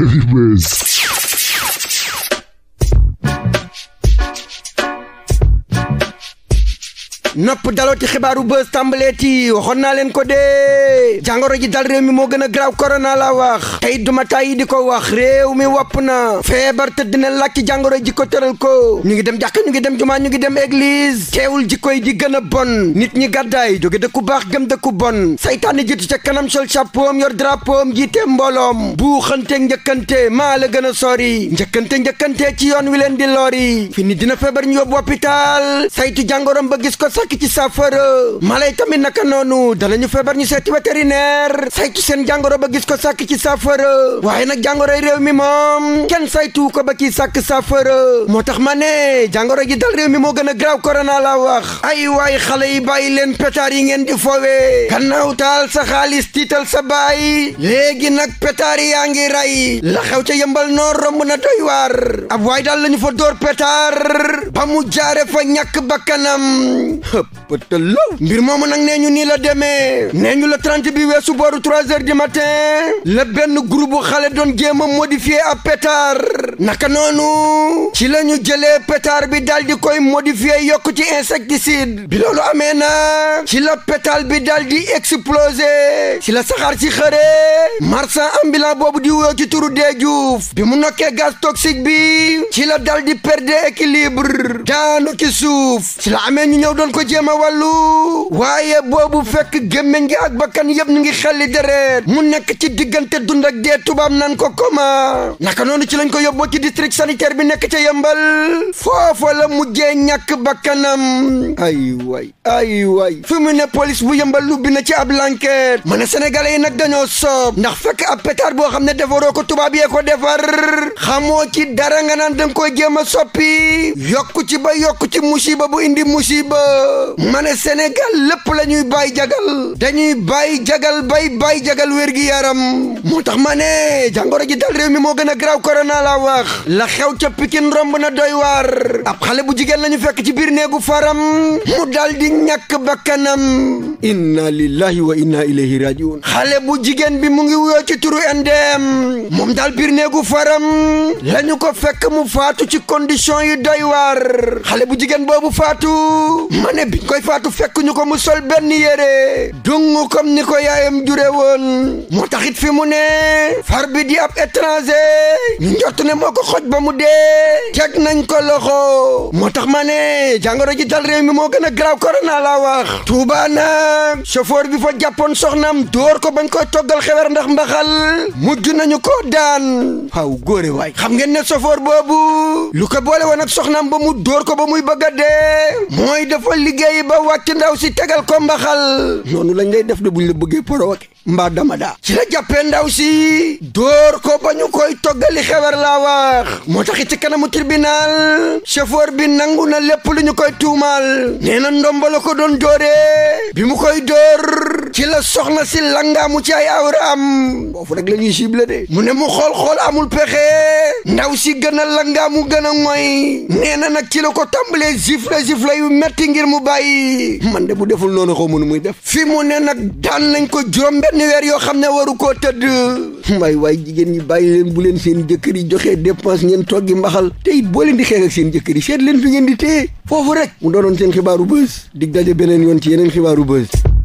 Heavy Mess. nopp daloo ci xibaaru bës tàmbaleeti waxoon naa leen ko dee jangoro ji dal réew mi moo gën a graaw korona la wax tey duma tàyyi di ko wax réew mi wopp na feebar te dina làkk jàngoro ji ko tëral ko ñu ngi dem jàkka ñu ngi dem jumaa ñu ngi dem église teewul jikko yi di gën a bon nit ñi gàddaay jóge dëkku baax gëm dëkku bon saytaane jiitu ca kanam sol chapeau yor drapeau jiite mbooloom buuxante njëkkante maa la gën a sori njëkkante njëkkante ci yoon leen di lori dina feebar ñu yóbbu hôpital saytu jàngoroom ba gis ko sàkk ci saafara mala yi tamit naka noonu danañu feebar ñu seeti vétérinaire saytu seen jàngoro ba gis ko sàkk ci saafara waaye nag jàngoro yi mi moom kenn saytu ko ba ci sàkk saafara moo tax ma ne jàngoro ji dal réew mi moo gën a graaw korona laa wax ay waay xale yi bàyyi leen pétaar yi ngeen di foowee gannaaw taal sa xaalis tiital sa baay léegi nag pétaar yaa ngi rey la xew ca yëmbal noor romb na doy waar ab waay daal lañu fa door pétaar ba mu jaare fa ñàkk bakkanam xëppatalaw mbir moomu nag nee ñu nii la demee nee ñu la trente bi weesu booru trois heures du matin la benn groupe bu xale doon jéem a modifier ab pétard naka noonu ci la ñu jëlee pétard bi daal di koy modifier yokk ci insecticide bi loolu amee na ci la pétard bi daal di exploser ci la saxaar si xëree marchand ambulant boobu di wuyoo ci turu dee juuf bi mu nokkee gaz toxique bi ci la daal di perdre équilibre daanu ci suuf ci la amee ñu ñëw doon ko ko jéem a wàllu waaye boobu fekk gémmiñ gi ak bakkan yëpp ñu ngi xelli deret mu nekk ci diggante dund ak dee tubaab nan ko koma naka noonu ci lañ ko yóbboo ci district sanitaire bi nekk ca yëmbal foofa la mujjee ñàkk bakkanam ay way ay way fi mu ne police bu yëmbal ubbi na ci ab lanket ma ne sénégalais yi nag dañoo soob ndax fekk ab pétard boo xam ne defaroo ko tubaab yee ko defar xamoo ci dara nga naan danga koy jéem a soppi yokku ci ba yokku ci musiba bu indi musiba ma ne Sénégal lépp la ñuy bàyyi jagal dañuy bàyyi jagal bay bàyyi jagal wér gi yaram moo tax ma ne jàngoro ji dal réew mi moo gën a graw korona laa wax la xew ca Pikine romb na doy waar ab xale bu jigéen lañu fekk ci biir néegu faram mu dal di ñàkk bakkanam inna lillahi wa inna ilayhi rajiun xale bu jigéen bi mu ngi wuyoo ci turu ndem moom daal biir néegu faram lañu ko fekk mu faatu ci condition yu doy waar xale bu jigéen boobu faatu ma ne biñ koy faatu fekk ñu ko mu sol benn yére dung comme ni ko yaayam jure woon moo taxit fi mu ne far bi di ab étranger ñu njort ne moo ko xoj ba mu dee teg nañ ko loxo moo tax ma ne jàngoro ji dal réew mi moo gën a graaw korona laa wax Tuuba nag chauffeur bi fa jàppoon soxnaam dóor ko bañ koy toggal xewer ndax mbaxal mujj nañu ko daan waaw góore waay xam ngeen ne chauffeur boobu lu ko boole woon ak ba mu dóor ko ba muy baga a dee mooy dafa li liggéey ba wàcc ndaw si tegal ko mbaxal noonu lañ lay def de buñ la bëggee provoqué mbaa dama daa ci la jàppee ndaw si dóor ko ba ñu koy toggali xewar laa moo tax ci kanamu tribunal chauffeur bi nangu na lépp lu ñu koy tuumaal nee na ndomba la ko doon dóoree bi mu koy dóor ci la soxna si langaamu ci ay awra am foofu rek la de mu ne mu xool-xool amul pexe ndaw si gën a langaamu gëna a nee na nag ci ko tàmbalee zifla zifla yu metti ngir mu du bàyyi man de bu deful noonu xaw ma nu muy def fi mu ne nag daan nañ ko juróom benn weer yoo xam ne waru koo tëdd mbay waay jigéen ñi bàyyi leen bu leen seen jëkkër yi joxe dépense ngeen toggi mbaxal te it boo leen di xeex ak seen jëkkër yi seet leen fi ngeen di tee foofu rek mu doonoon seen xibaaru bës di daje beneen yoon ci yeneen xibaaru bës